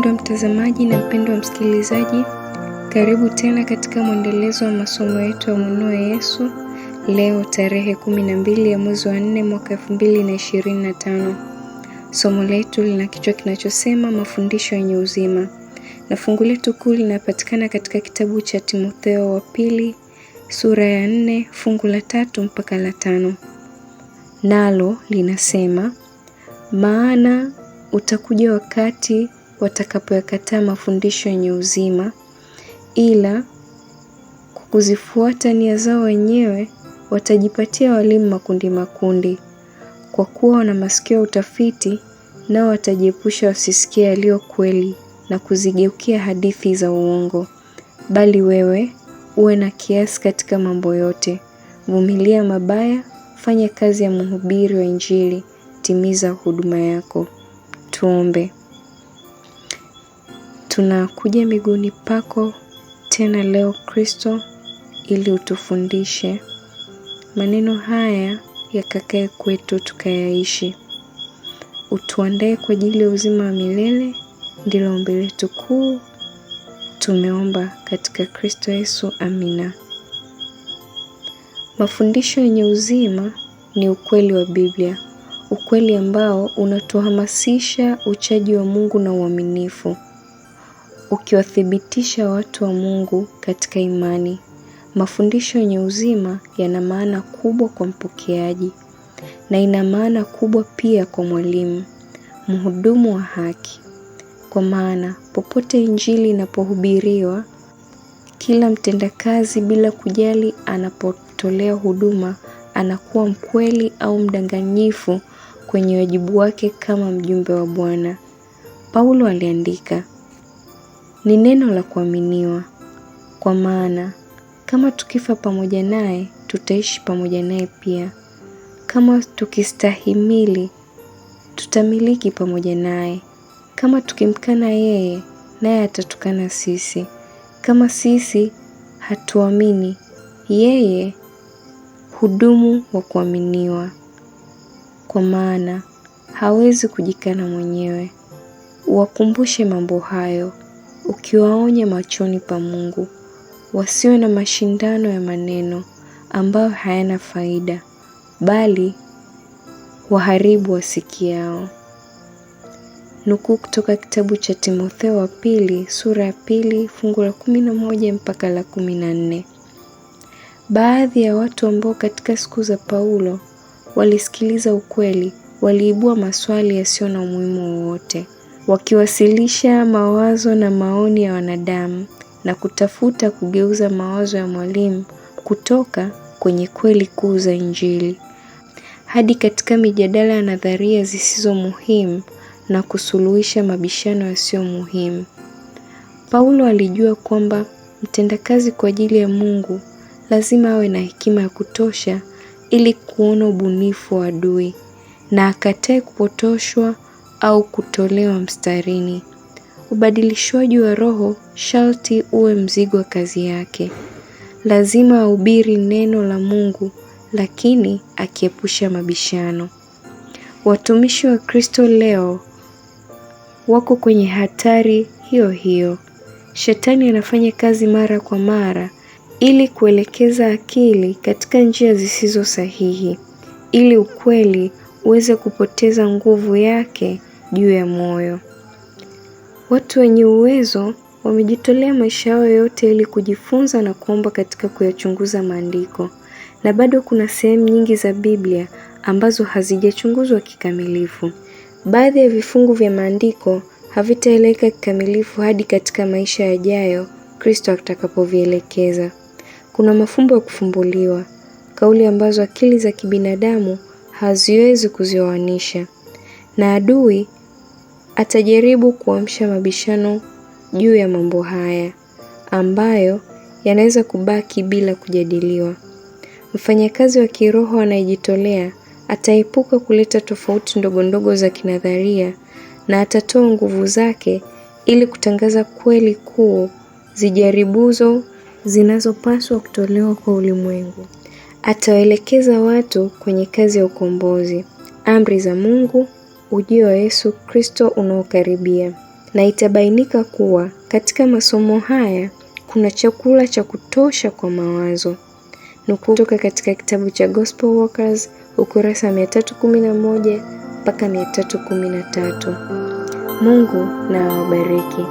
Mpendwa mtazamaji na mpendwa msikilizaji, karibu tena katika mwendelezo wa masomo yetu ya Mwinue Yesu, leo tarehe 12 ya mwezi wa 4 mwaka 2025. Somo letu lina kichwa kinachosema mafundisho yenye uzima, na fungu letu kuu linapatikana katika kitabu cha Timotheo wa pili sura ya 4 fungu la tatu mpaka la tano, nalo linasema maana utakuja wakati watakapoyakataa mafundisho yenye uzima, ila kwa kuzifuata nia zao wenyewe watajipatia walimu makundi makundi. Kwa kuwa wana masikio ya utafiti, nao watajiepusha wasisikie yaliyo kweli na kuzigeukia hadithi za uongo. Bali wewe uwe na kiasi katika mambo yote, vumilia mabaya, fanya kazi ya mhubiri wa Injili, timiza huduma yako. Tuombe. Tunakuja miguuni pako tena leo Kristo, ili utufundishe maneno haya yakakae kwetu tukayaishi, utuandae kwa ajili ya uzima wa milele. Ndilo ombi letu kuu, tumeomba katika Kristo Yesu, amina. Mafundisho yenye uzima ni ukweli wa Biblia, ukweli ambao unatuhamasisha uchaji wa Mungu na uaminifu ukiwathibitisha watu wa Mungu katika imani. Mafundisho yenye uzima yana maana kubwa kwa mpokeaji na ina maana kubwa pia kwa mwalimu, mhudumu wa haki, kwa maana popote Injili inapohubiriwa, kila mtendakazi bila kujali anapotolea huduma, anakuwa mkweli au mdanganyifu kwenye wajibu wake kama mjumbe wa Bwana. Paulo aliandika, ni neno la kuaminiwa, kwa maana kama tukifa pamoja naye tutaishi pamoja naye pia; kama tukistahimili tutamiliki pamoja naye; kama tukimkana yeye, naye atatukana sisi; kama sisi hatuamini, yeye hudumu wa kuaminiwa, kwa maana hawezi kujikana mwenyewe. wakumbushe mambo hayo ukiwaonya machoni pa Mungu wasiwe na mashindano ya maneno ambayo hayana faida, bali waharibu wasikiao. Nukuu kutoka kitabu cha Timotheo wa pili sura ya pili fungu la kumi na moja mpaka la kumi na nne. Baadhi ya watu ambao katika siku za Paulo walisikiliza ukweli waliibua maswali yasiyo na umuhimu wowote wakiwasilisha mawazo na maoni ya wanadamu na kutafuta kugeuza mawazo ya mwalimu kutoka kwenye kweli kuu za Injili hadi katika mijadala ya nadharia zisizo muhimu na kusuluhisha mabishano yasiyo muhimu. Paulo alijua kwamba mtendakazi kwa ajili ya Mungu lazima awe na hekima ya kutosha ili kuona ubunifu wa adui na akatae kupotoshwa au kutolewa mstarini. Ubadilishwaji wa roho sharti uwe mzigo wa kazi yake. Lazima ahubiri neno la Mungu, lakini akiepusha mabishano. Watumishi wa Kristo leo wako kwenye hatari hiyo hiyo. Shetani anafanya kazi mara kwa mara ili kuelekeza akili katika njia zisizo sahihi, ili ukweli uweze kupoteza nguvu yake juu ya moyo. Watu wenye uwezo wamejitolea maisha yao yote ili kujifunza na kuomba katika kuyachunguza maandiko, na bado kuna sehemu nyingi za Biblia ambazo hazijachunguzwa kikamilifu. Baadhi ya vifungu vya maandiko havitaeleweka kikamilifu hadi katika maisha yajayo Kristo atakapovielekeza. Kuna mafumbo ya kufumbuliwa, kauli ambazo akili za kibinadamu haziwezi kuzioanisha, na adui atajaribu kuamsha mabishano juu ya mambo haya ambayo yanaweza kubaki bila kujadiliwa. Mfanyakazi wa kiroho anayejitolea ataepuka kuleta tofauti ndogo ndogo za kinadharia na atatoa nguvu zake ili kutangaza kweli kuu zijaribuzo zinazopaswa kutolewa kwa ulimwengu. Atawaelekeza watu kwenye kazi ya ukombozi, amri za Mungu ujio wa Yesu Kristo unaokaribia, na itabainika kuwa katika masomo haya kuna chakula cha kutosha kwa mawazo. Nukuu kutoka katika kitabu cha Gospel Workers ukurasa 311 mpaka 313. Mungu na awabariki.